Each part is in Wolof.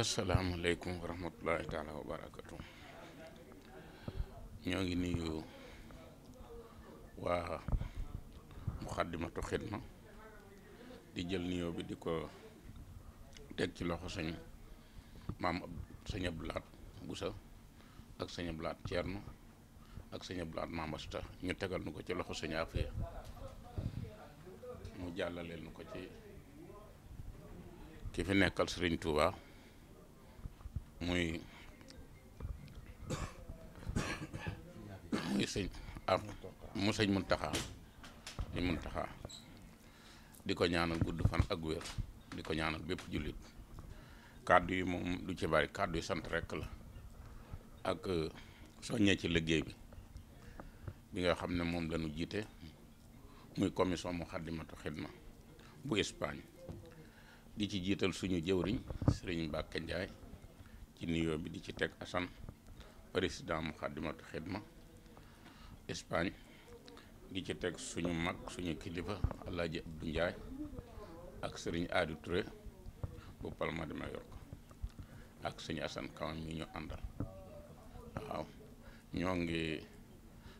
asalaamualeykum wa rahmatullahi taala wa barakatu ñoo ngi nuyu waa muxaddimatu xidma di jël nuyoo bi di ko teg ci loxo sëñ maam sëñ Ablaat Busa ak sëñ Ablaat Ceerno ak sëñ Ablaat Mamasta ñu tegal nu ko ci loxo sëñ Afiya mu jàllaleel nu ko ci ki fi nekkal Sëriñ Tuubaa muy muy sëñ ab ah, mu sëñ Muntaxa sëñ Muntaxa di ko ñaanal gudd fan ak wér di ko ñaanal bépp jullit kàddu yi moom du ci bari kàddu yi sant rekk la ak euh, soññee ci liggéey bi bi nga xam ne moom lañu jiite muy commission mu xaddimatu xidma bu Espagne di ci jiital suñu jëwriñ sëriñ Mbàkke Njaay ci nuyoo bi di ci teg Assane président Moukhaddamatoul ma Espagne di ci teg suñu mag suñu kilifa Alaaji Abdou Ndiaye ak sëriñ Adi Touré bu Palma de Mallorca ak suñu Assane Kawam ñi ñu àndal waaw ñoo ngi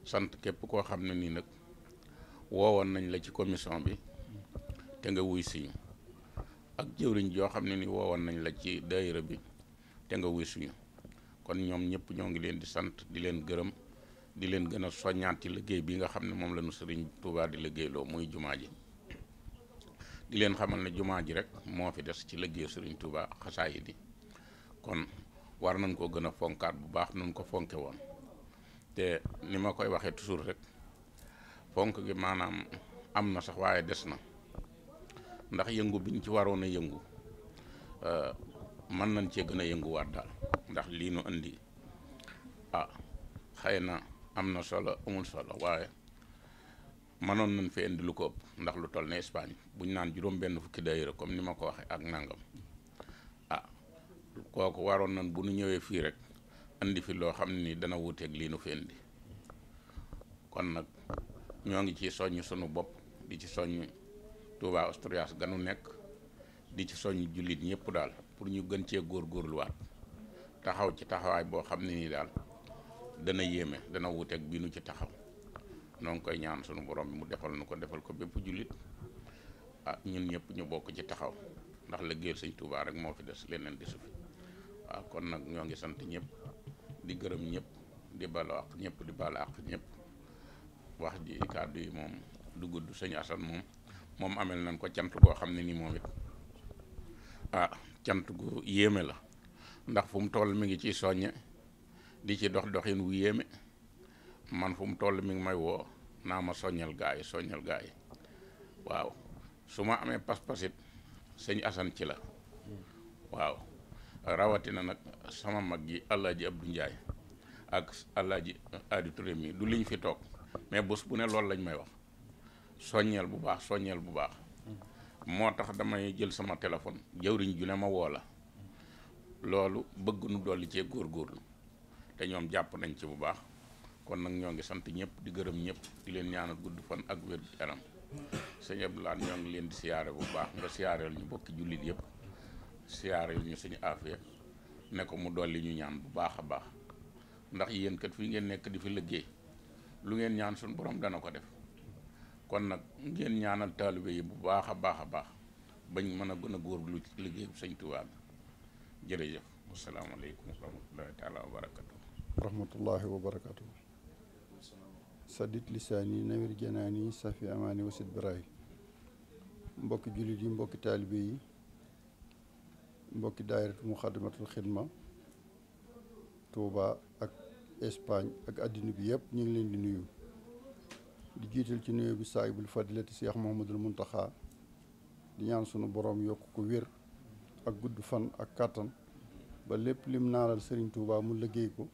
sant képp koo xam ne nii nag woowoon nañ la ci commission bi te nga wuy siñ ak jëwriñ joo xam ne ni woowoon nañ la ci daayira bi te nga wuy suñu kon ñoom ñëpp ñoo ngi leen di sant di leen gërëm di leen gën a soññaat ci liggéey bi nga xam ne moom la ñu sëriñ Touba di liggéeyloo muy jumaa ji di leen xamal ne jumaa ji rek moo fi des ci liggéey sëriñ Touba xasaay yi di kon war nañ koo gën a fonkaat bu baax nañ ko fonke woon te ni ma koy waxee toujours rek fonk gi maanaam am na sax waaye des na ndax yëngu bi ñu ci waroon a yëngu euh, mën nañ cee gën a yënguwaat daal ndax lii nu indi ah xëy na am na solo amul solo waaye mënoon nañ fi indi lu ko ëpp ndax lu toll ne Espagne bu ñu naan juróom benn fukki daayira comme ni ma ko waxee ak nangam ah kooku waroon nañ bu nu ñëwee fii rek indi fi loo xam ni dana wuuteeg lii nu fi indi kon nag ñoo ngi ci soñ sunu bopp di ci soñ Touba Asturias ganu nekk di ci soñ jullit ñépp daal pour ñu gën cee góor góorgóorluwaat taxaw ci taxawaay boo xam ne nii daal dana yéeme dana wuteeg bii nu ci taxaw noo ngi koy ñaan sunu borom bi mu defal nu ko defal ko bépp jullit ah ñun ñëpp ñu bokk ci taxaw ndax liggéeyal sëñ Tuubaa rek moo fi des leneen di fi waaw ah, kon nag ñoo ngi sant ñëpp di gërëm ñëpp di balu àq ñëpp di balo àq ñépp wax ji kàddu yi moom du gudd sëñ Asan moom moom amel nañ ko cant boo xam ne nii moom it ah cant gu yéeme la ndax fu mu toll mi ngi ci soññe di ci dox doxin wu yéeme man fu mu toll mi ngi may woo naa ma soññal gaa yi soññal waaw su ma amee pas-pas it sëñ Assane ci la waaw rawatina nag sama mag ji Alaaji Abdou Ndiaye ak Alaaji Adi aditori mi du liñ fi toog mais bés bu ne loolu lañ may wax soññeel bu baax soññeel bu baax moo tax damay jël sama téléphone jëwriñ ju ne ma woo loolu bëgg nu dolli cee góorlu te ñoom jàpp nañ ci bu baax kon nag ñoo ngi sant ñëpp di gërëm ñëpp di leen ñaanal gudd fan ak wér gu yaram sëñ Abdou Lahad ñoo ngi leen di siyaare bu baax nga siyaareel ñu bokki jullit yëpp siyaareel ñu suñu affaire ne ko mu dolli ñu ñaan bu baax a baax ndax yéen kat fii ngeen nekk di fi liggéey lu ngeen ñaan suñu borom dana ko def. kon nag ngeen ñaanal taalibe yi bu baax a baax a baax bañ mën a gën a góorlu ci liggéey bu sëñ Tuubaa bi jërëjëf wasalaamaaleykum wa rahmatullahi taala wa barakatu rahmatullahi wa lisaani nawir janaani safi amaani wasit biraay mbokki jullit yi mbokki taalibe yi mbokki daayiratu muxaddamatul xidma Touba ak Espagne ak àddina bi yëpp ñu ngi leen di nuyu jiital ci nuyoo bi saahibul fadilati seex Muhammadul Muntaxa di ñaan sunu boroom yokk ko wér ak gudd fan ak kàttan ba lépp lim naaral Serigne tuuba mu liggéey ko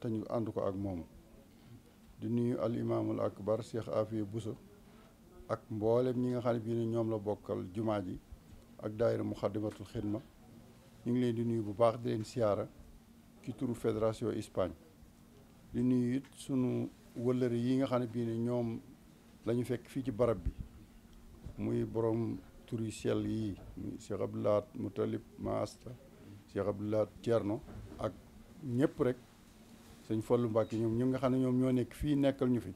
te ñu ànd ko ak moom di nuyu al imaamul akbar seex Afiya Buso ak mboolem ñi nga xam ne bii ne ñoom la bokkal jumaa ji ak daayira muxaddamatul xidma ñu ngi leen di nuyu bu baax di leen siyaara ci turu fédération Espagne di nuyu it sunu wëllëre yi nga xam ne bii ne ñoom lañu fekk fii ci barab bi muy borom turi sell yi laat mu Lahad ma Maasta Cheikh Abdou Lahad Thierno ak ñëpp rek sëñ Fallou Mbacke ñoom ñu nga xam ne ñoom ñoo nekk fii nekkal ñu fi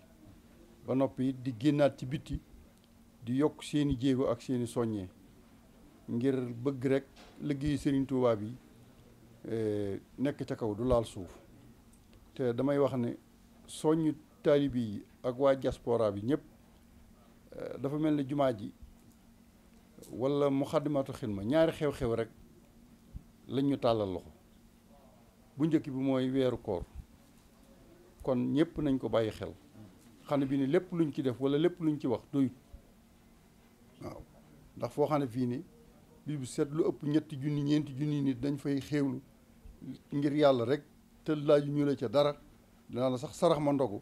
ba noppi di génnaat ci bitti di yokk seeni jéego ak seeni soññee ngir bëgg rek liggéeyu Serigne Touba bi eh, nekk ca kaw du laal suuf te damay wax ne soññ taalibi yi ak waa diaspora bi ñëpp Euh, dafa mel ni jumaa ji wala muxaddamaatu ma ñaari xew-xew rek lañ ñu tàllal loxo bu njëkk bi mooy weeru koor kon ñëpp nañ ko bàyyi xel xane bi ni lépp luñ ci def wala lépp luñ ci wax doyut waaw ndax foo xam ne fii ni bi bu set lu ëpp ñetti junni ñeenti junni nit dañ fay xéewlu ngir yàlla rek te laaju ñu la ca dara dana la sax sarax ma ndogu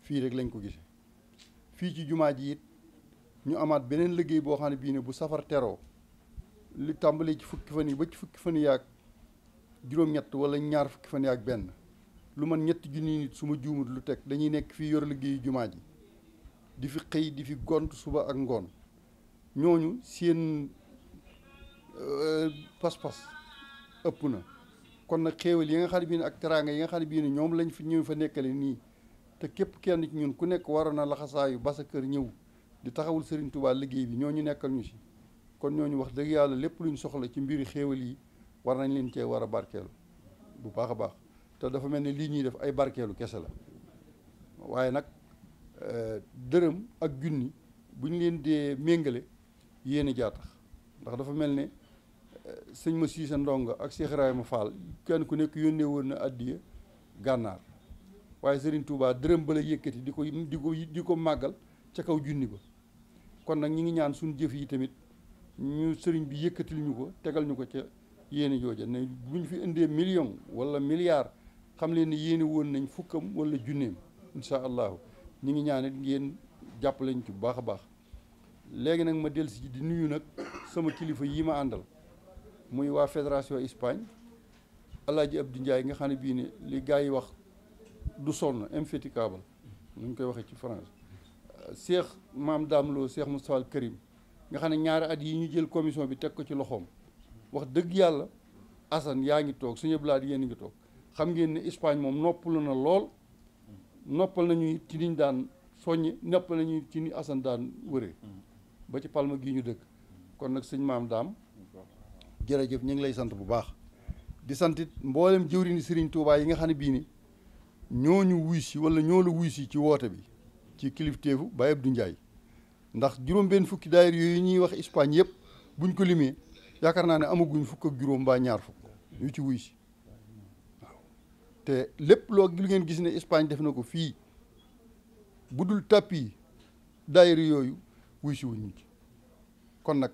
fii rek lañ ko gisee fii ci jumaa ji it ñu amaat beneen liggéey boo xam ne bii ne bu safar teroo li tàmbalee ci fukki fan yi ba ci fukki fan yaag juróom-ñett wala ñaar fukki fan ak benn lu man ñett junni nit su juumut lu teg dañuy nekk fii yor liggéeyu jumaa ji di fi xëy di fi gont suba ak ngoon ñooñu seen euh, pas ëpp na kon nag xéewal yi nga xam ne bii ne ak teraanga yi nga xam ne bii ne ñoom lañ fi ñëw fa nekkale nii te képp kenn ci ñun ku nekk waroon na laxasaayu ba sa kër ñëw di taxawul Serigne Touba liggéey bi ñoo ñooñu nekkal ñu si kon ñoo ñu wax dëgg yàlla lépp lu ñu soxla ci mbiru xéewal yi war nañ leen cee war a barkeelu bu baax a baax te dafa mel ne lii ñuy def ay barkeelu kese la waaye nag euh, dërëm ak junni bu ñu leen dee méngale yéen a jaatax ndax dafa mel ni euh, sëñ ma siisa ndongo ak Cheikh Ibrahima Fall kenn ku nekk yónnee woon na addiya gànnaar waaye Serigne Touba dërëm ba la yëkkati di ko di ko di ko màggal ca kaw junni ba kon nag ñu ngi ñaan suñu jëf yi tamit ñu sëriñ bi yëkkatil ñu ko tegal ñu ko ca yéene jooja ne bu ñu fi indee million wala milliard xam leen ni yéene woon nañ fukkam wala junneem incha allahu ñu ngi ñaan it ngeen jàppale ñu ci bu baax a baax léegi nag ma dellu si di nuyu nag sama kilifa yi ma àndal muy waa fédération Espagne El Hadj Abdou Ndiaye nga xam ne bii ni li gars yi wax du sonn infatigable nu ñu koy waxee ci France seex maam Dame Lo seex Moustapha al Karim nga xam ne ñaari at yi ñu jël commission bi teg ko ci loxoom wax dëgg yàlla Assane yaa ngi toog suñu blaat yéen ngi toog xam ngeen ni Espagne moom noppalu na lool noppal nañu ci niñ daan soññe noppal nañu ci ni Assane daan wëree ba ci Palma gi ñu dëkk kon nag sëñ maam daam jërëjëf ñu ngi lay sant bu baax di santit mboolem jëwriñu Serigne Touba yi nga xam ne bii ni ñoo ñu wuy si wala ñoo la wuy si ci woote bi ci kilifteefu Baye du Ndiaye ndax juróom-benn fukki daayira yooyu ñuy wax Espagne yëpp buñ ko limee yaakaar naa ne amaguñ fukk ak juróom mbaa ñaar fukk ñu ci wuy si waaw te lépp loo lu ngeen gis ne Espagne def na ko fii bu dul tàppi daayira yooyu wuy si wuñ ci kon nag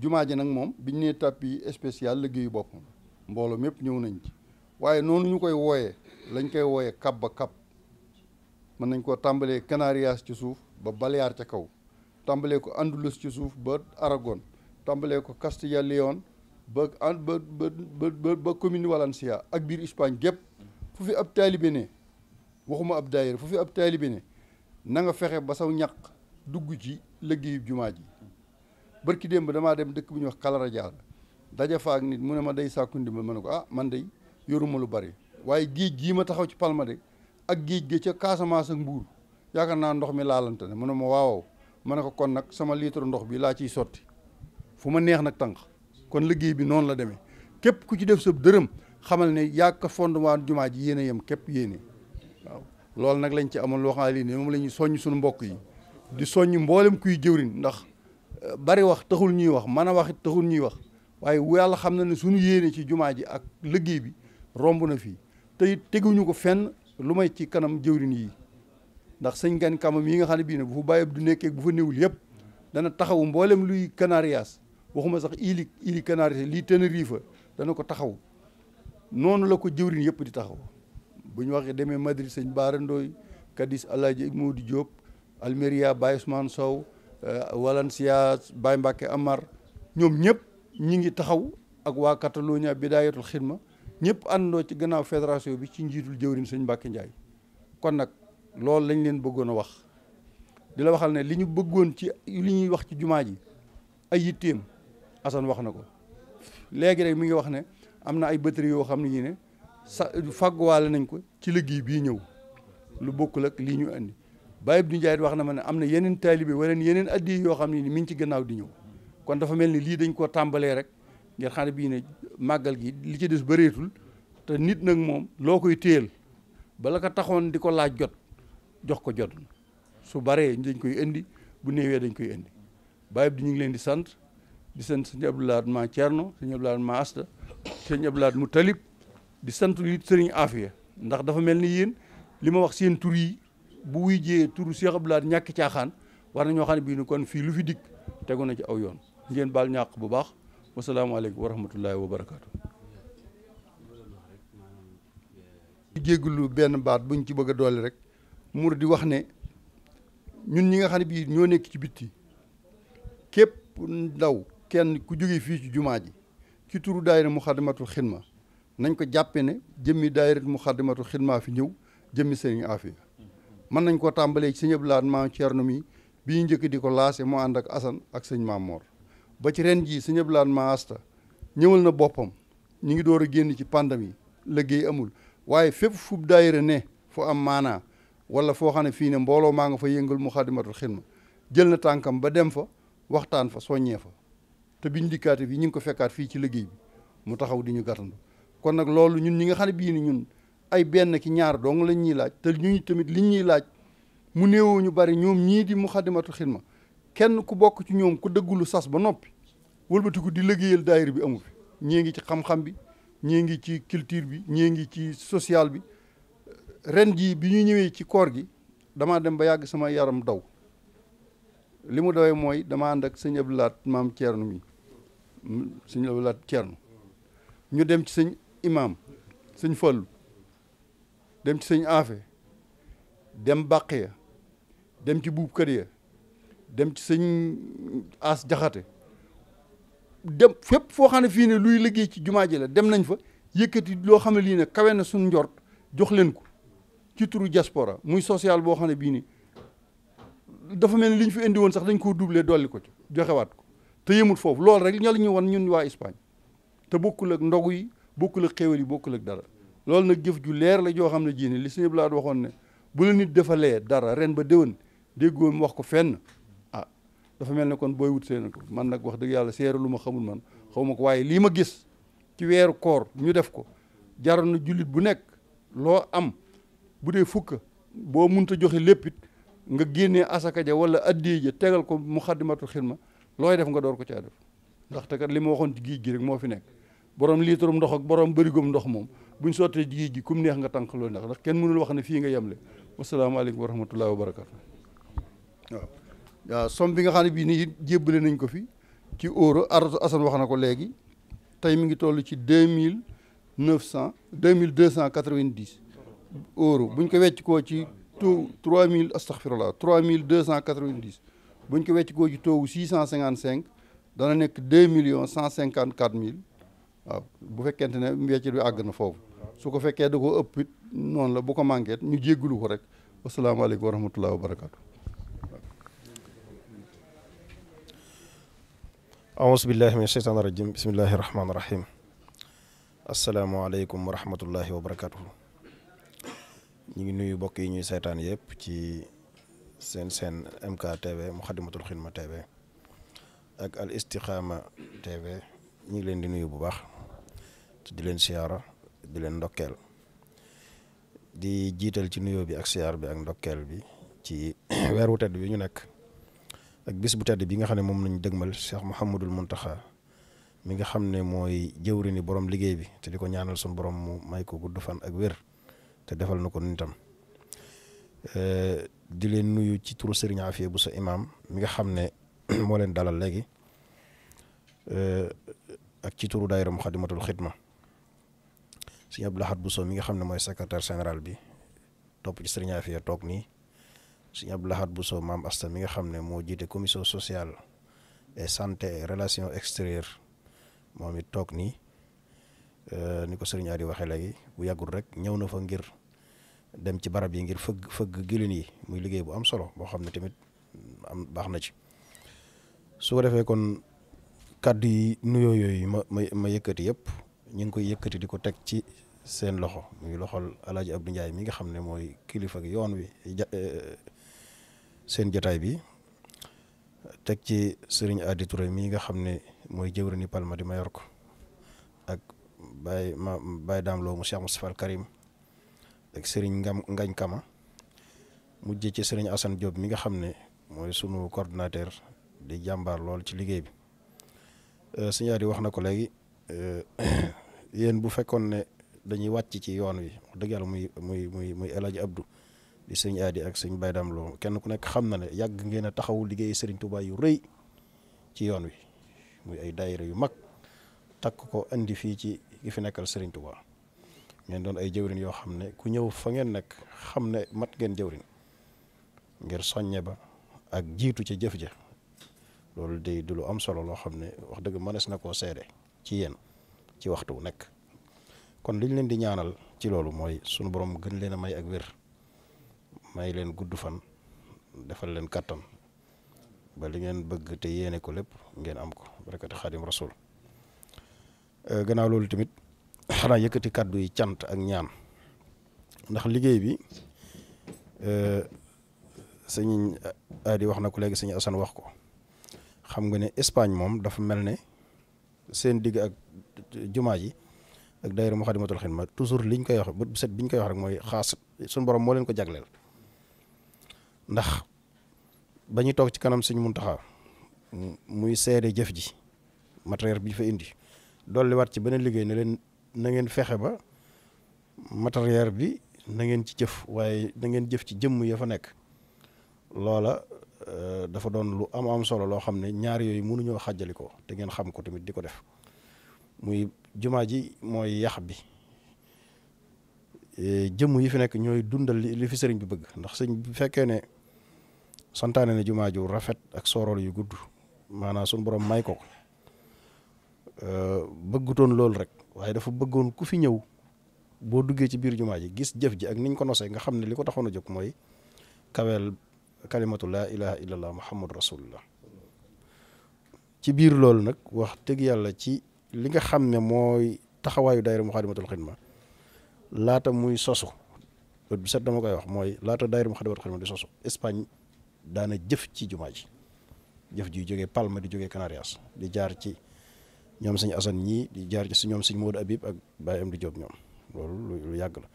jumaa ji nag moom biñ nee tàppi spécial liggéeyu boppam mbooloo mépp ñëw nañ ci waaye noonu ñu koy wooyee. lañ koy wooyee kap ba kap mën nañ koo tàmbalee Canarias ci suuf ba Balear ca kaw tàmbalee ko Andalus ci suuf ba Aragon tàmbalee ko Castilla Leon ba ba ba ba commune Valencia ak biir Espagne gépp fu fi ab taalibe ne waxuma ab daayira fu fi ab taalibe ne na nga fexe ba saw ñaq dugg ci liggéeyu jumaa ji barki démb damaa dem dëkk bu ñuy wax Kalarajaar daja fa ak nit mu ne ma day sàkku ndimbal mën ne ko ah man day yoruma lu bari waaye géej gii ma taxaw ci de ak géej gi ca Casamance ak Mbuur yaakaar naa ndox mi laalante ne mu ne ma waaw ma ne ko kon nag sama litre ndox bi laa ciy sotti fu ma neex nag tànk kon liggéey bi noonu la demee képp ku ci def sa dërëm xamal ne fond fondement jumaa ji yéen a yem képp yéene waaw loolu nag lañ ci amoon loo xam ne moom la ñuy soññ sunu mbokk yi di soññ mboolem kuy jëwriñ ndax eh, bari wax taxul ñuy wax mën a wax it taxul ñuy wax waaye yàlla xam na ne suñu yéene ci jumaa ji ak liggéey bi romb na fii te teguñu ko fenn lu may ci kanam jëwrin yi ndax sëñ gan kamam yi nga xam ne bii ne bu fa bàyyi du nekkee bu fa néewul yëpp dana taxaw mboolem luy Canarias waxuma sax ili ili Canarias lii Tenerife dana ko taxaw noonu la ko jëwrin yëpp di taxaw bu ñu waxee demee Madrid sëñ Baara Ndooy Cadiz Alaaji Moodu Diop Almeria Baye Ousmane Sow euh, Valencia Baye Mbacke Amar ñoom ñëpp ñi ngi taxaw ak waa Catalonia Bidayatul Xidma ñëpp àndoo ci gannaaw fédération bi ci njiitul jëwriñ sëñ Mbàkke Njaay kon nag loolu lañ leen bëggoon a wax di la waxal ne li ñu bëggoon ci li ñuy wax ci jumaa ji ay yitteem Assane wax na ko léegi rek mi ngi wax ne am na ay batterie yoo xam ne ñu ne sa fàgguwaale nañ ko ci liggéey bii ñëw lu bokkul ak lii ñu andi Baye Abdou Ndiaye wax na ma ne am na yeneen taalibe wala yeneen addi yoo xam ne ni mi ngi ci gannaaw di ñëw kon dafa mel ni lii dañ koo tàmbalee rek ngeen xam bii nag màggal gi li ci des bareetul te nit nag moom loo koy téyel bala ko taxoon di ko laaj jot jox ko jot su baree dañ koy indi bu néewee dañ koy indi bàyyi bi ñu ngi leen di sant di sant sëñ Abdou Lahad ma Thierno sëñ Abdou Lahad ma Asta sëñ Abdou Lahad mu di sant li sëriñ Afia ndax dafa mel ni yéen li ma wax seen tur yi bu wuy jiyee turu Cheikh Abdou Lahad ñàkk caaxaan war na ñoo xam bii ni kon fii lu fi dikk tegu na ci aw yoon ngeen baal ñàkk bu baax wasalaamaaleykum wa rahmatullahi wa barakaatu. jégglu benn baat buñ ci bëgg a doole rek mur di wax ne ñun ñi nga xam ne bii ñoo nekk ci bitti képp ndaw kenn ku jóge fii ci jumaa ji ci turu daayira muxaddamatul xidma nañ ko jàppe ne jëmmi daayira muxaddamatul xidma fi ñëw jëmmi sëriñ Afia mën nañ koo tàmbalee ci sëñ Abdou Lahad Maam Cerno mi bi ñu njëkk di ko laase moo ànd ak Asan ak sëñ Maam Moor ba ci ren jii sëñ Abdoulaye ma asta ñëwal na boppam ñu ngi door a génn ci pandémie liggéey amul waaye fépp fu daayira ne fu am maana wala foo xam ne fii ne mbooloo maa nga fa yëngal mu xadimatul xidma jël na tànkam ba dem fa waxtaan fa soññee fa te biñ dikkaate bi ñu ngi ko fekkaat fii ci liggéey bi mu taxaw di ñu gattandu kon nag loolu ñun ñi nga xam ne bii ni ñun ay benn ki ñaar dong lañ ñuy laaj te ñu tamit liñ ñuy laaj mu néewoo ñu bari ñoom ñii di mu xadimatul xidma kenn ku bokk ci ñoom ku dëggulu sas ba noppi wëlbatiku di liggéeyal daayir bi amu ñii ngi ci xam-xam bi ñii ngi ci culture bi ñii ngi ci sociale bi ren ji bi ñu ñëwee ci koor gi damaa dem ba yàgg sama yaram daw li mu dawee mooy dama ànd ak sëñ Abdou Lahat nu Thierno mi sëñ Abdou Lahat Thierno ñu dem ci sëñ imaam sëñ Fallou dem ci sëñ Afe dem Baqiya dem ci buub kër ya dem ci sëñ As Jaxate dem fépp foo xam ne fii ne luy liggéey ci jumaa ji la dem nañ fa yëkkati loo xam ne lii ne kawe na suñ njor jox leen ko ci turu diaspora muy social boo xam ne bii ni dafa mel ni li ñu fi sax dañ koo dublee dolli ko ci joxewaat ko te yëmut foofu lool rek ñoo la ñu wan ñun waa Espagne te bokkul ak ndogu yi bokkul ak xéwal yi bokkul ak dara loolu nag jëf ju leer la joo xam ne jii ne li sëñ Blaat waxoon ne bu la nit defalee dara ren ba déwén déggoo wax ko fenn dafa mel ne kon booy wut seen man nag wax dëgg yàlla seere lu ma xamul man xaw ko waaye lii ma gis ci weeru koor ñu def ko jaroon na jullit bu nekk loo am bu dee fukk boo munta joxe léppit nga génnee asaka ja wala addiye ja tegal ko mu muxaddimatul xidma looy def nga door ko caa def ndaxte kat li ma waxoon ci géej gi rek moo fi nekk borom liitarum ndox ak borom bërigoom ndox moom bu ñu sottee ci géej gi kum neex nga tànq loolu ndax ndax kenn mënul wax ne fii nga yemle wasalaamaaleykum wa rahmatullahi wa waaw somme bi nga xam ne bii nii jébbale nañ ko fi ci euro aratu asan wax na ko léegi tey mi ngi toll ci deux mille neuf cent deux mille deux cent quatre vingt euro buñ ko wecc koo ci taux trois mille astaghfirullah trois mille deux cent quatre vingt dix buñ ko wecc koo ci taux six cent cinquante cinq dana nekk deux millions cent cinquante quatre mille waaw bu fekkente ne wecc bi àgg na foofu su ko fekkee da ko ëpp noonu la bu ko manqué ñu jéggulu ko rek wasalaamaaleykum wa rahmatullah wa barakatu aousu billahi min asheytaan irajim bismillahi rahmaani rahim asalaamaaleykum wa rahmatullahi wa barakatuhu ñu ngi nuyu mbokk yi ñuy seetaan yëpp ci seen seen MKTV Muxaddamatul Xidma TV ak Al Istikhama TV ñu ngi leen di nuyu bu baax di leen siyaara di leen ndokkeel di jiital ci nuyoo bi ak siyaar bi ak ndokkeel bi ci weer wu tedd bi ñu nekk ak bis bu tedd bi nga xam ne moom lañu dëgmal Cheikh Mouhamadul Mountakha mi nga xam ne mooy jëwri ni boroom liggéey bi te di ko ñaanal suñu borom mu may ko gudd fan ak wér te defal na ko nun itam di leen nuyu ci turu Serigne Afia bu sa imaam mi nga xam ne moo leen dalal léegi ak ci turu daayira Muxaddamatul Xidma Serigne Abdou Lahad Bousso mi nga xam ne mooy secretaire général bi topp ci Serigne Afia toog nii suñu Abdou bu Bousso maam asta mi nga xam ne moo jiite commission sociale et santé et relations extérieures moom it toog nii euh, ni ko sëriñ Adi waxee léegi bu yàggul rek ñëw na fa ngir dem ci barab yi ngir fëgg fëgg gilin yi muy liggéey bu am solo boo xam ne tamit am baax na ci su ko defee kon kàdd yi nuyoo yooyu ma ma ma yëkkati yëpp ñu ngi koy yëkkati di ko teg ci seen loxo muy loxol El Hadj Abdou Ndiaye mi nga xam ne mooy kilifa gi yoon wi euh, seen jotaay bi teg ci sëriñ Adi Touré mii nga xam ne mooy jëwriñu Palma di Mayorko ak Baye ma Baye Dame Lo mu Cheikh Moustapha Al Karim ak sëriñ Ngam Ngañ Kama mujj ci sëriñ Assane Diop mi nga xam ne mooy sunu coordinateur di jàmbaar lool ci liggéey bi euh, sëriñ Adi wax na ko léegi euh, yéen bu fekkoon ne dañuy wàcc ci yoon wi wax dëgg yàlla muy muy muy muy El Hadj di sëñ aadi ak sëñ Baydaam Lo kenn ku nekk xam na ne yàgg ngeen a taxawu liggéey sëriñ Touba yu rëy ci yoon wi muy ay daayira yu mag takk ko indi fii ci gi fi nekkal sëriñ Touba ngeen doon ay jëwrin yoo xam ne ku ñëw fa ngeen nekk xam ne mat ngeen jëwrin ngir soññe ba ak jiitu ca jëf ja loolu de du lu am solo loo xam ne wax dëgg mënees na koo seede ci yéen ci waxtu wu nekk kon liñ leen di ñaanal ci loolu mooy sunu borom gën leen a may ak wér may leen gudd fan defal leen kàttan ba li ngeen bëgg te yéene ko lépp ngeen am ko barakati xaadim rasul euh, gannaaw loolu tamit xanaa yëkkati kàddu yi cant ak ñaan ndax liggéey bi euh, sëñ Adi wax na ko léegi sëñ Assane wax ko xam nga ne Espagne moom dafa mel ne seen digg ak jumaa ji ak daayira Muxaddamatul Xidma toujours liñ koy wax bu set biñ koy wax rek mooy xaas suñu borom moo leen ko jagleel ndax ba ñu toog ci kanam suñ Muntaxa muy seede jëf ji matériel bi ñu fa indi dolliwaat ci beneen liggéey ne leen na ngeen fexe ba matériel bi na ngeen ci jëf waaye na jëf ci jëmm ya fa nekk loola euh, dafa doon lu am am solo loo xam ne ñaar yooyu mënuñoo xàjjali ko te ngeen xam ko tamit di ko def muy jumaa ji mooy yax bi jëmm yi fi nekk ñooy dundal li fi sëriñ bi bëgg ndax sëriñ bi fekkee ne santaane na jumaa ju rafet ak sorol yu gudd maanaa suñu borom may ko ko euh, bëggutoon loolu rek waaye dafa bëggoon ku fi ñëw boo duggee ci biir jumaa ji gis jëf ji ak niñ ko nosee nga xam ne li ko taxoon a jóg mooy kaweel kalimatu laa ilaha illallah muhammad rasulullah ci biir loolu nag wax dëgg yàlla ci li nga xam ne mooy taxawaayu daayira muxaadimatul xidma laata muy sosu set dama koy wax mooy laata daayira muxaadimatul xidma di sosu daana jëf ci jumaa ji jëf ji jóge Palma di jóge Canarias di jaar ci ñoom sëñ Assane ñii di jaar ci si ñoom sëñ Modou Habib ak Baye di Diop ñoom loolu lu yàgg la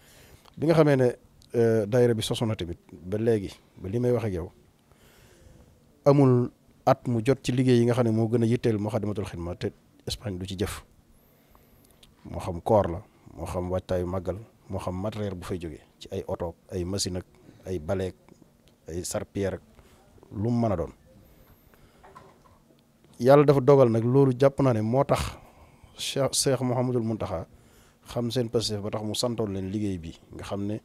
bi nga xamee ne euh, daayira bi sosu na tamit ba léegi ba li may wax ak yow amul at mu jot ci liggéey yi nga xam ne moo gën a yitteel moo xadamatul xidma te Espagne du ci jëf moo xam koor la moo xam waajtaayu màggal moo xam matériel bu fay jóge ci ay oto ay machine ak ay baleek ay sarpière ak lum mu mën a doon yàlla dafa dogal nag loolu jàpp naa ne moo tax Cheikh Cheikh mun Mountakha xam seen Pastef ba tax mu santoon leen liggéey bi nga xam ne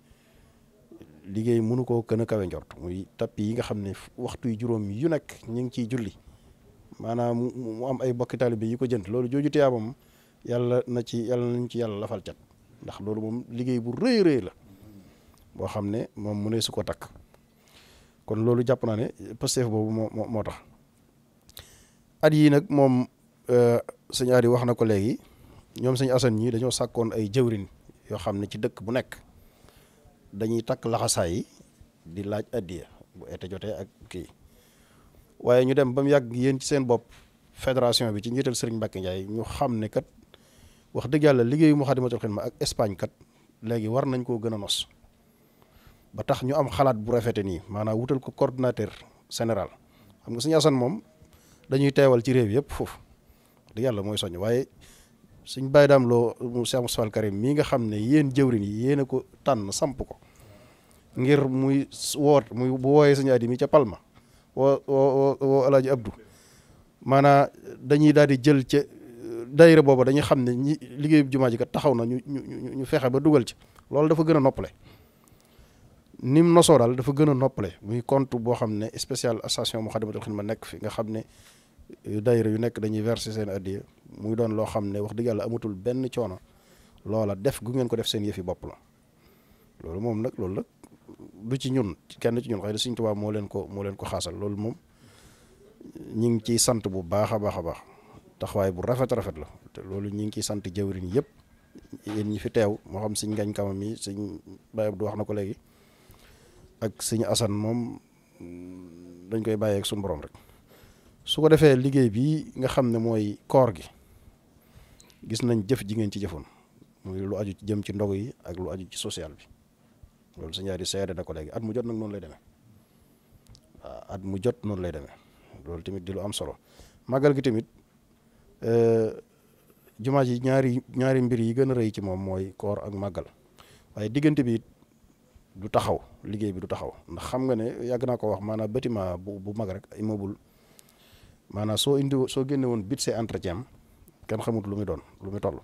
liggéey mënu koo gën a kawe njort muy tapis yi nga xam ne waxtu yu juróom yu nekk ñu ngi ciy julli maanaam mu am ay bokki taalibe yu ko jën loolu jooju tiyaabam yàlla na ci yàlla nañ ci yàlla lafal cat ndax loolu moom liggéey bu rëy rëy la boo xam ne moom mu ne su ko takk kon loolu jàpp naa ne Pastef boobu moo moo tax at yii nag moom euh, sëñ Aliou wax na ko léegi ñoom sëñ Assane ñi dañoo sàkkoon ay jëwrin yoo xam ne ci dëkk bu nekk dañuy takk laxasaay yi di laaj addiya bu été jotee ak kii waaye ñu dem ba mu yàgg yéen ci seen bopp fédération bi ci njiital Serigne Mbacke Ndiaye ñu xam ne kat wax dëgg yàlla ma Moukhaddamatoul ma ak Espagne kat léegi war nañ koo gën a nos ba tax ñu am xalaat bu rafete nii maanaam wutal ko coordinateur général xam nga suñu asan moom dañuy teewal ci réew yëpp foofu di yàlla mooy soñ waaye suñ bàyyi daam loo mu Cheikh Moustapha Karim mii nga xam ne yéen jëwrin yi yéen a ko tànn samp ko ngir muy woot muy bu wooyee suñu aadi mi ca Palma woo woo woo El Hadj Abdou maanaam dañuy daal di jël ca dayra booba dañuy xam ne ñi liggéeyu jumaa ji kat taxaw na ñu ñu ñu fexe ba dugal ci loolu dafa gën a noppale nim mu nosoo daal dafa gën a noppale muy compte boo xam ne spécial association Moukhaddamatoul Khidma nekk fi nga xam ne euh, daayira yu nekk dañuy verser seen addiya muy doon loo xam ne wax dëgg yàlla amatul benn coono loola def gu ngeen ko def seen yëfi bopp la loolu moom nag loolu nag du ci ñun kenn ci ñun xëy suñ Sëriñ Tuubaa moo leen ko moo leen ko xaasal loolu moom ñi ngi ciy sant bu baax a baax a baax taxawaay bu rafet rafet la te loolu ñi ngi ciy sant jëwriñ yëpp yéen ñi fi teew moo xam Sëriñ Ngañ Kama mi Sëriñ Baye Abdou wax na ko léegi ak sëñ Assane moom dañ koy bàyyee ak rek su ko defee liggéey bi nga xam ne mooy koor gi gis nañ jëf ji ngeen ci jëfoon muy lu aju ci jëm ci ndog yi ak lu aju ci social bi loolu si ñaari seede na ko léegi at mu jot nag noonu lay deme at mu jot noonu lay demee loolu tamit di lu am solo màggal gi tamit euh, jumaa ji ñaari ñaari mbir yi gën a rëy ci moom mooy koor ak màggal waaye diggante bi du taxaw. liggéey bi du taxaw ndax xam nga ne yàgg naa ko wax maanaam bâtiment bu bu mag rek immeuble maanaam soo indi soo génne woon budget entretien kenn xamut lu muy doon lu muy toll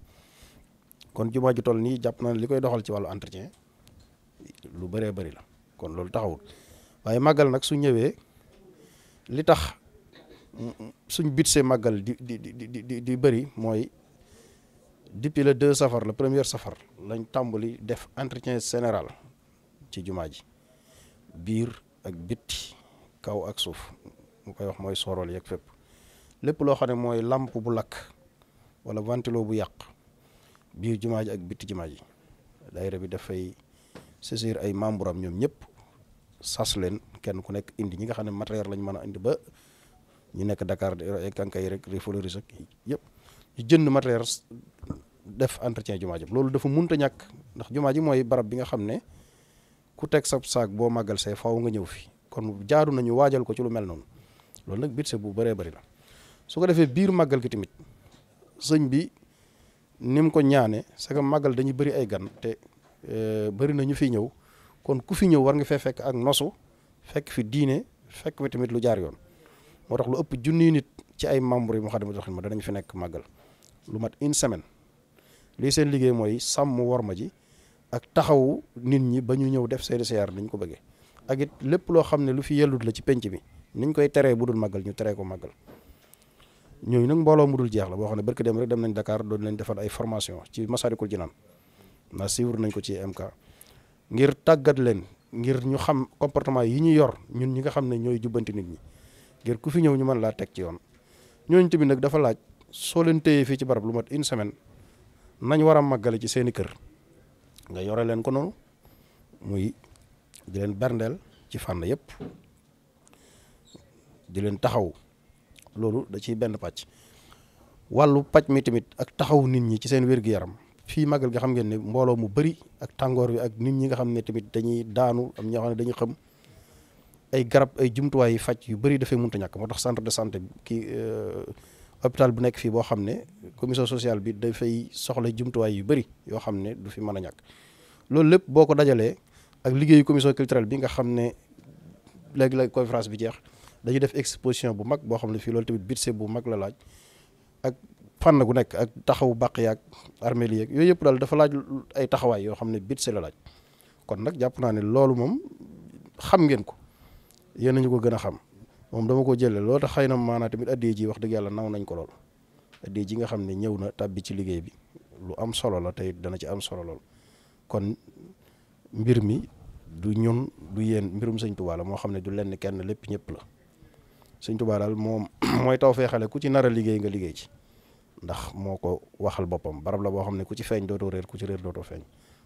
kon jumaa ju toll nii jàpp naa li koy doxal ci wàllu entretien lu bëree bëri la kon loolu taxawul waaye màggal nag su ñëwee li tax suñ budget màggal di di di di di bëri mooy depuis le deux safar la première safar lañ tàmbali def entretien sénéral ci jumaa ji biir ak bitti kaw ak suuf mu koy wax mooy sorol yeeg fépp lépp loo xam ne mooy làmp bu lakk wala ventilo bu yàq biir jumaa ji ak bitti jumaa ji daayira bi dafay saisir ay membre am ñoom ñëpp sas leen kenn ku nekk indi ñi nga xam ne matériel lañ mën a indi ba ñu nekk Dakar kankay rek refleurus ak yëpp ñu jënd matériel def entretien jumaa ji loolu dafa munta ñàkk ndax jumaa ji mooy barab bi nga xam ne ku teg sab saak boo màggal see faaw nga ñëw fi kon jaaru nañu waajal ko ci lu mel noonu loolu nag budget bu baree bari la su ko defee biir màggal ki tamit sëñ bi ni mu ko ñaane c'est que màggal dañu bëri ay gan te euh, bëri nañu ñu fi ñëw kon ku fi ñëw war nga fee fekk ak nosu fekk fi diine fekk fi tamit lu jaar yoon moo tax lu ëpp junni nit ci ay membres yi Moukhaddamatoul ma danañ fi nekk màggal lu mat une semaine lii seen liggéey mooy sàmm worma ji ak taxaw nit ñi ba ñu ñëw def seeni siyaar niñ ko bëggee ak it lépp loo xam ne lu fi yellut la ci penc bi niñ koy teree bu dul màggal ñu teree ko màggal ñooñu nag mbooloo mu dul jeex la boo xam ne barki dem rek dem nañ Dakar doon lañ defal ay formation ci Masaalikul Jinaan naa siiwur nañ ko ci MK ngir tàggat leen ngir ñu xam comportement yi ñu yor ñun ñi nga xam ne ñooy jubbanti nit ñi ngir ku fi ñëw ñu man laa teg ci yoon ñooñu tamit nag dafa laaj soo leen téyee fii ci barab lu mat une semaine nañ war a màggale ci seeni kër nga yore leen ko noonu muy di leen berndeel ci fànn yëpp di leen taxaw loolu da ciy benn pàcc wàllu pàcc mi tamit ak taxaw nit ñi ci seen wér-gu-yaram fii màggal gi xam ngeen ni mbooloo mu bëri ak tàngoor bi ak nit ñi nga xam ne tamit dañuy daanu am ñoo xam ne dañuy xam ay garab ay jumtuwaay yi faj yu bari dafay mënta ñàkk moo tax centre de santé kii euh, hôpital bu nekk fii boo xam ne commission sociale bi dafay soxla jumtuwaay yu bëri yoo xam ne du fi mën a ñàkk loolu lépp boo ko dajalee ak liggéeyu commission culturelle bi nga xam ne léegi la conférence bi jeex dañuy def exposition bu mag boo xam ne fii loolu tamit budget bu mag la laaj ak fànn gu nekk ak taxawu bàq ak armeel yeeg yooyu yëpp daal dafa laaj ay taxawaay yoo xam ne budget la laaj kon nag jàpp naa ne loolu moom xam ngeen ko yéen a ko gën a xam. moom dama ko jëlee loo tax xëy na maanaa tamit addee ji wax dëgg yàlla naw nañ ko lool addee ji nga xam ne ñëw na tàbbi ci liggéey bi lu am solo la tey dana ci am solo lool kon mbir mi du ñun du yéen mbirum sëñ Tuubaa la moo xam ne du lenn kenn lépp ñëpp la sëñ Tuubaa daal moom mooy taw feexale ku ci nara liggéey nga liggéey ci ndax moo ko waxal boppam barab la boo xam ne ku ci feeñ dootoo réer ku ci réer dootoo feeñ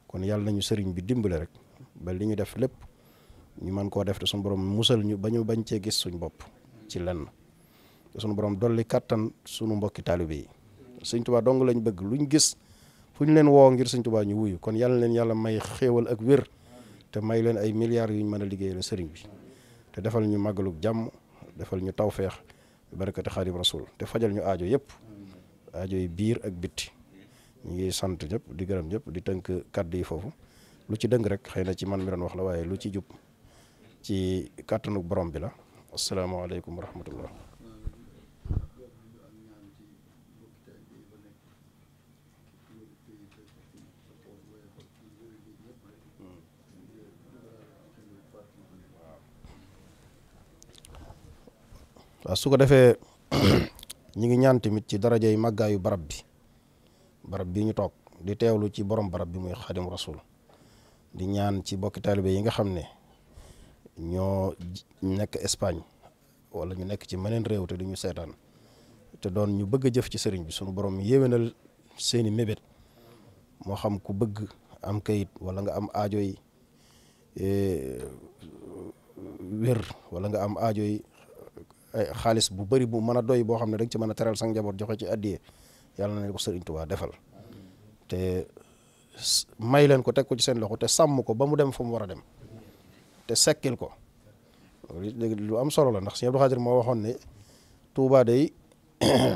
kon yàlla nañu sëriñ bi dimbale rek ba li ñu def lépp ñu mën koo def te suñu boroom musal ñu ba ñu bañ cee gis suñ bopp ci lenn te suñu borom dolli kattan suñu mbokki taalibe yi sëñ tubaa dong lañ bëgg luñ gis fu ñu leen woo ngir sëñ tubaa ñu wuyu kon yàlla leen yàlla may xéewal ak wér te may leen ay milliards ñu mën a liggéeyal sëriñ bi te defal ñu màggalug jàmm defal ñu tawfeex barakati xaadim rasul te fajal ñu aajo yëpp aajo yi biir ak bitti ñu ngi sant ñëpp di gërëm ñëpp di tënk kàddu yi foofu lu ci dëng rek xëy na ci man mi doon wax la waaye lu ci jub ci kàttanu borom bi la asalaamaaleykum wa su ko defee ñi ngi ñaan tamit ci daraja yi màggaayu barab bi barab bi ñu toog di teewlu ci borom barab bi muy rasul di ñaan ci bokki taalibe yi nga xam ne ñoo nekk Espagne wala ñu nekk ci meneen réew te duñu seetaan te doon ñu bëgg a jëf ci sëriñ bi suñu borom yéwénal seeni mébét moo xam ku bëgg am kayit wala nga am aajo yi e, wér wala nga am aajo yi e, xaalis bu bari bu mën a doy boo xam ne da nga ci mën a teral sang njaboot joxe ci addiye yàlla na ko sëriñ Tuubaa defal te may leen ko teg ko ci seen loxo te sàmm ko ba mu dem fu mu war a dem te sekkil ko lu am solo la ndax Sëñ Abdou Khadir moo waxoon ne tuubaa day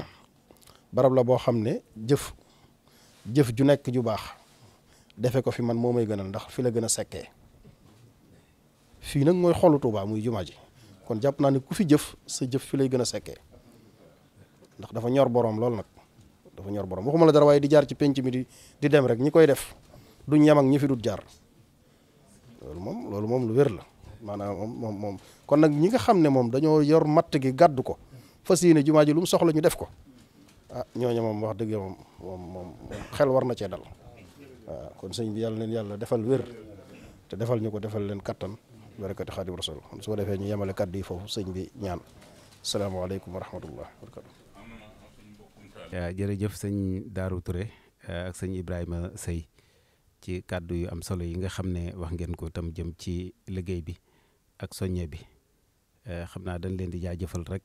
barab la boo xam ne jëf jëf ju nekk ju baax defe ko fi man moo may gënal ndax fi la gën a sekkee fii nag mooy xolu Touba muy jumaa ji kon jàpp naa ne ku fi jëf sa jëf fi lay gën a sekkee ndax dafa ñor boroom lool nag dafa ñor boroom waxuma la dara waaye di jaar ci penc mi di di dem rek ñi koy def duñ yem ñi fi dut jaar loolu moom loolu moom lu wér la maanaam moom moom kon nag ñi nga xam ne moom dañoo yor matt gi gàddu ko fas yéene jumaa ji lu mu soxla ñu def ko ah ñooñu moom wax dëgg moom moom xel war na cee dal ah, kon sëñ bi yàlla neen yàlla defal wér te defal ñu ko defal leen kattan barakati xaadim rasul kon su defee ñu yemale kaddu yi foofu sëñ bi ñaan salaamaaleykum wa rahmatullah barakatu jërëjëf sëñ Darou Touré eh, ak sëñ Ibrahima sey ci kàddu yu am solo yi nga xam ne wax ngeen ko tam jëm ci liggéey bi ak soññe bi eh, xam naa dañ leen di jaa jëfal rek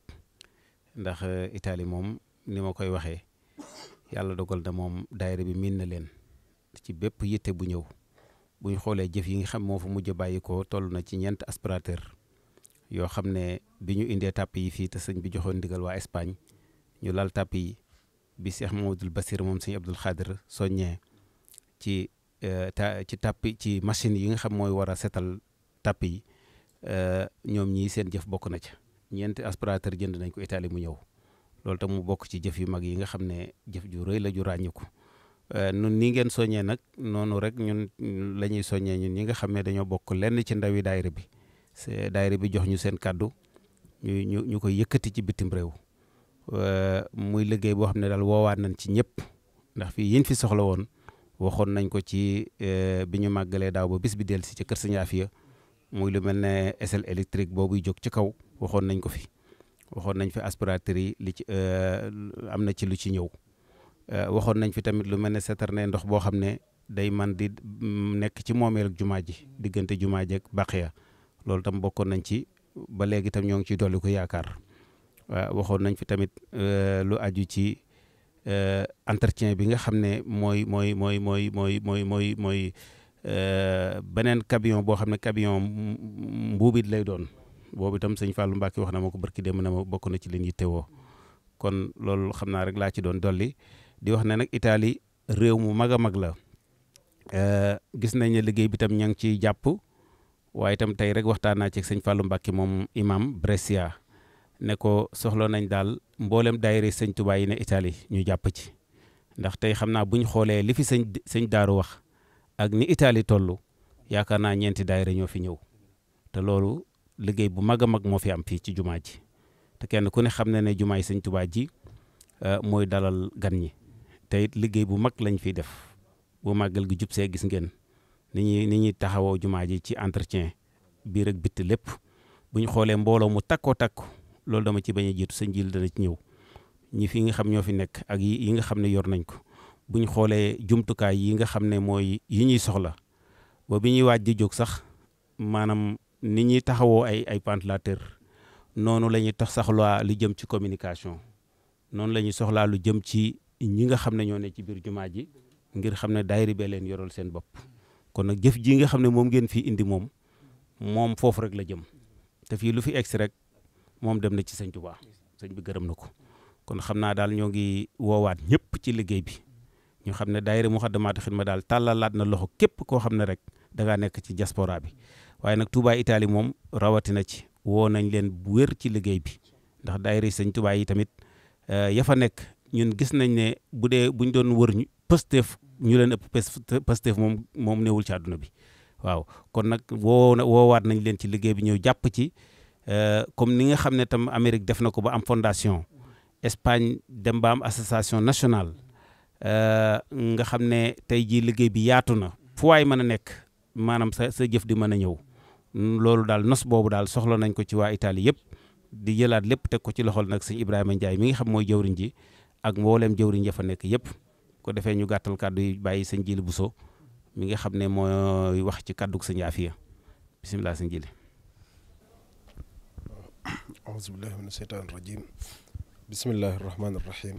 ndax eh, Italie moom ni ma koy waxee yàlla dogal na moom daayira bi miin na leen ci bépp yitte bu ñëw bu ñu xoolee jëf yi nga xam moo fa mujj bàyyi ko toll na ci ñeent aspirateur yoo xam ne bi ñu indee tàpp yi fii te sëñ bi joxoon ndigal waa Espagne ñu lal tàpp yi bi Cheikh Mamadou Bassir moom sëñ Abdoul Khadir soññee ci Euh, ci tappi ci machine yi nga xam mooy war a setal tappi yi euh, ñoom ñii seen jëf bokk na ca ñeenti aspirateur jënd nañ ko itali mu ñëw loolu tam mu bokk ci jëf yu mag yi nga xam ne jëf ju rëy la ju ràññiku euh, nun nii ngeen soññee nag noonu rek ñun la ñuy soññee ñun ñi nga xam ne dañoo bokk lenn ci ndawi daayira bi daayira bi jox ñu seen kàddu ñu ñu ñu koy yëkkati ci bitim réew muy liggéey boo xam ne daal woowaat nañ ci ñëpp ndax fii yiñ fi soxla woon waxoon nañ ko ci eh, bi ñu màggalee daaw ba bis bi dellu si ca kër Sëñ Afiya muy lu mel ne échelle électrique boobu jóg ci kaw waxoon nañ ko fi waxoon nañ fi aspirateur yi li ci eh, am na ci lu ci ñëw eh, waxoon nañ fi tamit lu mel ne citerne ndox boo xam ne day man di mm, nekk ci moomeel jumaa ji diggante jumaa ji ak loolu tam bokkoon nañ ci ba léegi ñoo ngi ciy dolli yaakaar waxoon nañ fi tamit lu aju ci Euh, entretien bi nga xam ne mooy mooy mooy mooy mooy mooy mooy mooy euh, beneen camion boo xam ne camion mbuubit lay doon boobu itam sëñ Fallou Mbacke wax na ma ko barki dem na moo bokk na ci li ñuy teewoo kon loolu xam naa rek laa ci doon dolli di wax ne nag Italie réew mu mag a mag la euh, gis nañ ne liggéey bi tam ña ngi ciy jàpp waaye itam tey rek waxtaan naa ci sëñ Fallou Mbacke moom imam Brescia ne ko soxla nañ daal mboolem daayira sëñ Tuubaa yi ne itali ñu jàpp ci ndax tey xam naa bu ñu xoolee li fi sëñ sëñ daaru wax ak ni Italie toll yaakaar naa ñeenti daayira ñoo fi ñëw te loolu liggéey bu mag a mag moo fi am fii ci jumaa ji te kenn ku ne xam na ne jumaa yi sëñ Tuubaa ji euh, mooy dalal gan ñi te it liggéey bu mag lañ fi def bu màggal gi jub see gis ngeen ni ñuy ni ñuy taxawoo jumaa ji ci entretien bii rek bitti lépp bu ñu xoolee mbooloo mu takkoo takku loolu dama ci bañ a jiitu sëñ jil dana ci ñëw ñi fi nga xam ñoo fi nekk ak yi nga xam ne yor nañ ko buñ xoolee jumtukaay yii nga xam ne mooy yi ñuy soxla ba bi ñuy waaj di jóg sax maanaam ni ñuy taxawoo ay ay ventilateur noonu la ñuy tax soxlaa lu jëm ci communication noonu la ñuy soxlaa lu jëm ci ñi nga xam ne ñoo ne ci biir jumaa ji ngir xam ne daayira bee leen yoral seen bopp kon nag jëf jii nga xam ne moom ngeen fi indi moom moom foofu rek la jëm te fii moom dem na ci sëñ Tuubaa sëñ bi gërëm na ko kon xam naa daal ñoo ngi woowaat ñëpp ci liggéey bi ñu xam ne daayira Muxaddamatul Xidma daal tàllalaat na loxo képp koo xam ne rek dangaa nekk ci diaspora bi waaye nag Touba Italie moom rawatina ci woo nañ leen bu wér ci liggéey bi ndax daayira sëñ Touba yi tamit eh, ya fa nekk ñun gis nañ ne bu dee buñ doon wër ñu pësteef ñu leen ëpp pësteef moom moom néewul ci aduna bi waaw kon nag woo woowaat nañ leen ci liggéey bi ñëw Euh, comme ni nga xam ne tam Amérique def na ko ba am fondation Espagne dem ba am association nationale euh, nga xam ne tey jii liggéey bi yaatu na fu waay mën a nekk maanaam sa sa jëf di mën a ñëw loolu daal nos boobu daal soxla nañ ko ci waa Italie yëpp di jëlaat lépp teg ko ci loxol nag sëñ Ibrahima Ndiaye mi ngi xam mooy jëwriñ ji ak mboolem jëwriñ ya fa nekk yëpp ko defee ñu gàttal kàddu yi bàyyi sëñ bu Bousso mi ngi xam ne mooy wax ci kàddug sëñ Afia bisimilah sëñ Jili aousubillahi min asheytaan irajim bismillahi irrahmani irrahim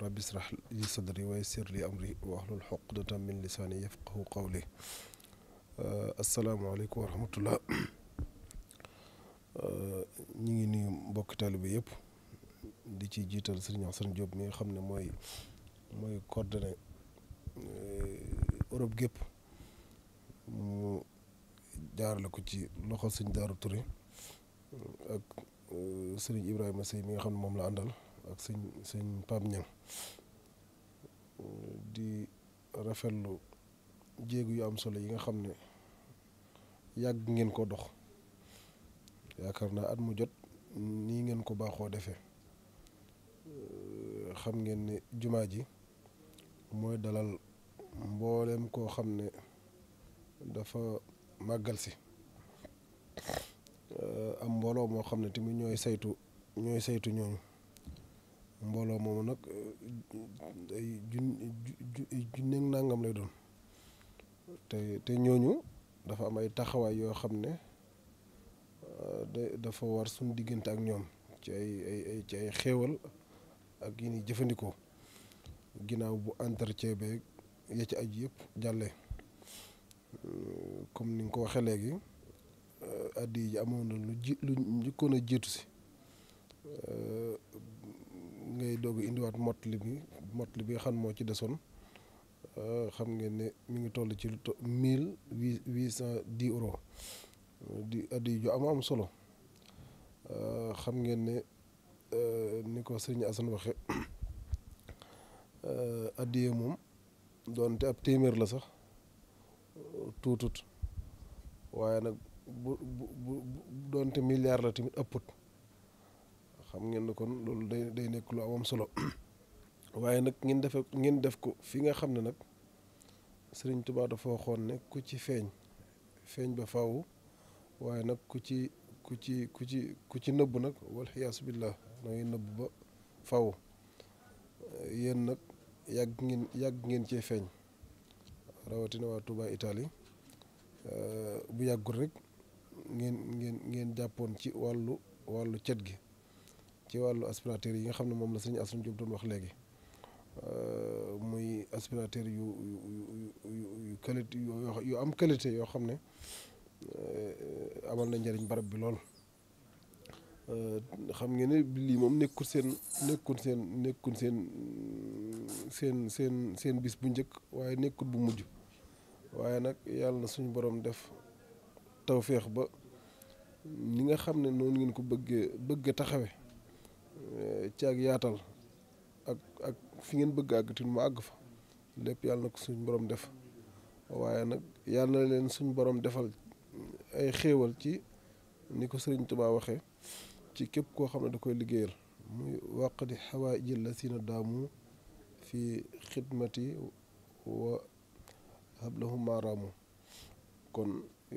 rabbi israh li sadri wa yassir li amri wahlul uqdatan min lisaani yafqahu qawli asalaamaaleykum wa rahmatullah ñu ngi nuyu mbokki taalibe yëpp di ci jiital sëriñ Assane Diop mi nga xam ne mooy mooy coordonné Europe gépp mu jaarale ko ci loxo sëñ Daaru Touré ak euh, sëriñ Ibrahima Sey mi nga xam ne moom la àndal ak sëñ sëñ Pape Niang euh, di rafetlu jéegu yu am solo yi nga xam ne yàgg ngeen ko dox yaakaar naa at mu jot nii ngeen ko baaxoo defe euh, xam ngeen ne jumaa ji mooy dalal mbooleem koo xam ne dafa màggal si am mbooloo moo xam ne tamit ñooy saytu ñooy saytu ñooñu mbooloo moomu nag eh, ay jun junne nangam lay doon te te ñooñu dafa am ay taxawaay yoo xam ne eh, dafa war suñu diggante ak ñoom ci ay ay ci ay xéewal ak yi ni jëfandikoo ginnaaw bu entretien beeg ya ci aju yëpp jàllee hmm, comme ni nga ko waxee léegi. addi ji amoon na njëkkoon a jiitu si ngay doog indiwaat mottali bi mottali bi nga xam moo ci desoon xam ngeen ne mi ngi toll ci lu to mille huit huit cent di addi am am solo xam ngeen ne ni ko sëriñ Assane waxe addiye moom doonte ab téeméer la sax tuutut waaye nag bu bu bu doonte milliard la tamit ëpput xam ngeen ne kon loolu day day nekk lu am solo waaye nag ngeen def ngeen def ko fi nga xam ne nag Sëriñ Tuubaa dafa waxoon ne ku ci feeñ feeñ ba faw waaye nag ku ci ku ci ku ci ku ci nëbb nag wal xiyaasu billah da ngay nëbb ba faw yéen nag yàgg ngeen yàgg ngeen cee feeñ rawatina waa Touba Italie bu yàggul rek ngeen ngeen ngeen jàppoon ci wàllu wàllu cet gi ci wàllu aspirateur yi nga xam ne moom la sëñ Assane Diop doon wax léegi euh, muy aspirateur yu yu yu yu qualité yu am qualité yoo xam ne euh, amal na njëriñ barab bi lool euh, xam ngeen ne lii moom nekkul seen nekkul seen nekkul seen seen seen seen bis bu njëkk waaye nekkul bu mujj waaye nag yàlla na suñu borom def. taw feex ba ni nga xam ne noonu ngeen ko bëggee bëgg taxawe eh, ci ak yaatal ak ak fi ngeen bëgg àgg mu àgg fa lépp yàlla na ko suñ borom def waaye nag yàlla na leen suñ borom defal ay xéewal ci ni ko sëriñ Tuubaa waxe ci képp koo xam ne da koy liggéeyal muy wàqdi xawaajil la siina daamu fi xidmati wa hablahum maaraamu kon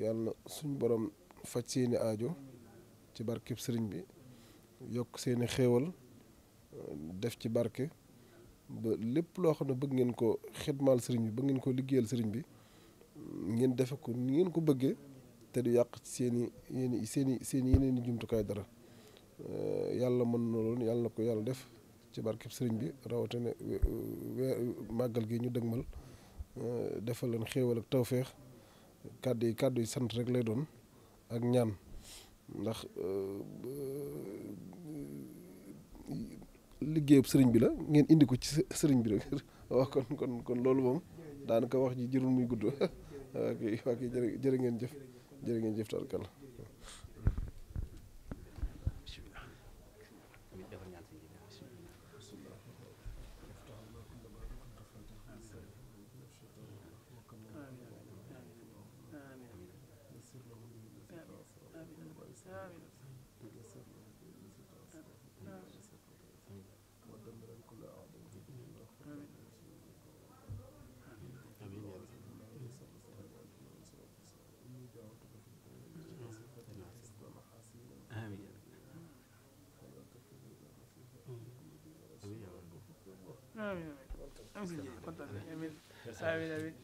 yàlla suñ boroom faj seeni aajo ci barkeb sëriñ bi yokk seeni xéewal def ci barke ba lépp loo xam ne bëgg ngeen ko xidmaal sëriñ bi bëgg ngeen ko liggéeyal sëriñ bi ngeen defe ko ni ngeen ko bëggee te du yàq seeni seeni seeni yeneen i jumtukaay dara yàlla mën na loolu yàlla ko yàlla def ci barkeb sëriñ bi rawatina màggal gi ñu dëgmal defal leen xéewal ak tawféex kàddu yi kàddu yi sant rek lay doon ak ñaan ndax euh, euh, liggéeyub sëriñ bi la ngeen indi ko ci sëriñ bi rek wax kon kon kon loolu moom daanaka wax ji jërul muy gudd waa kii waa kii ngeen jëf jërë ngeen jëf tarkal amiin amiin amiin sëñ Ndiéye kontaan nañ amiin amiin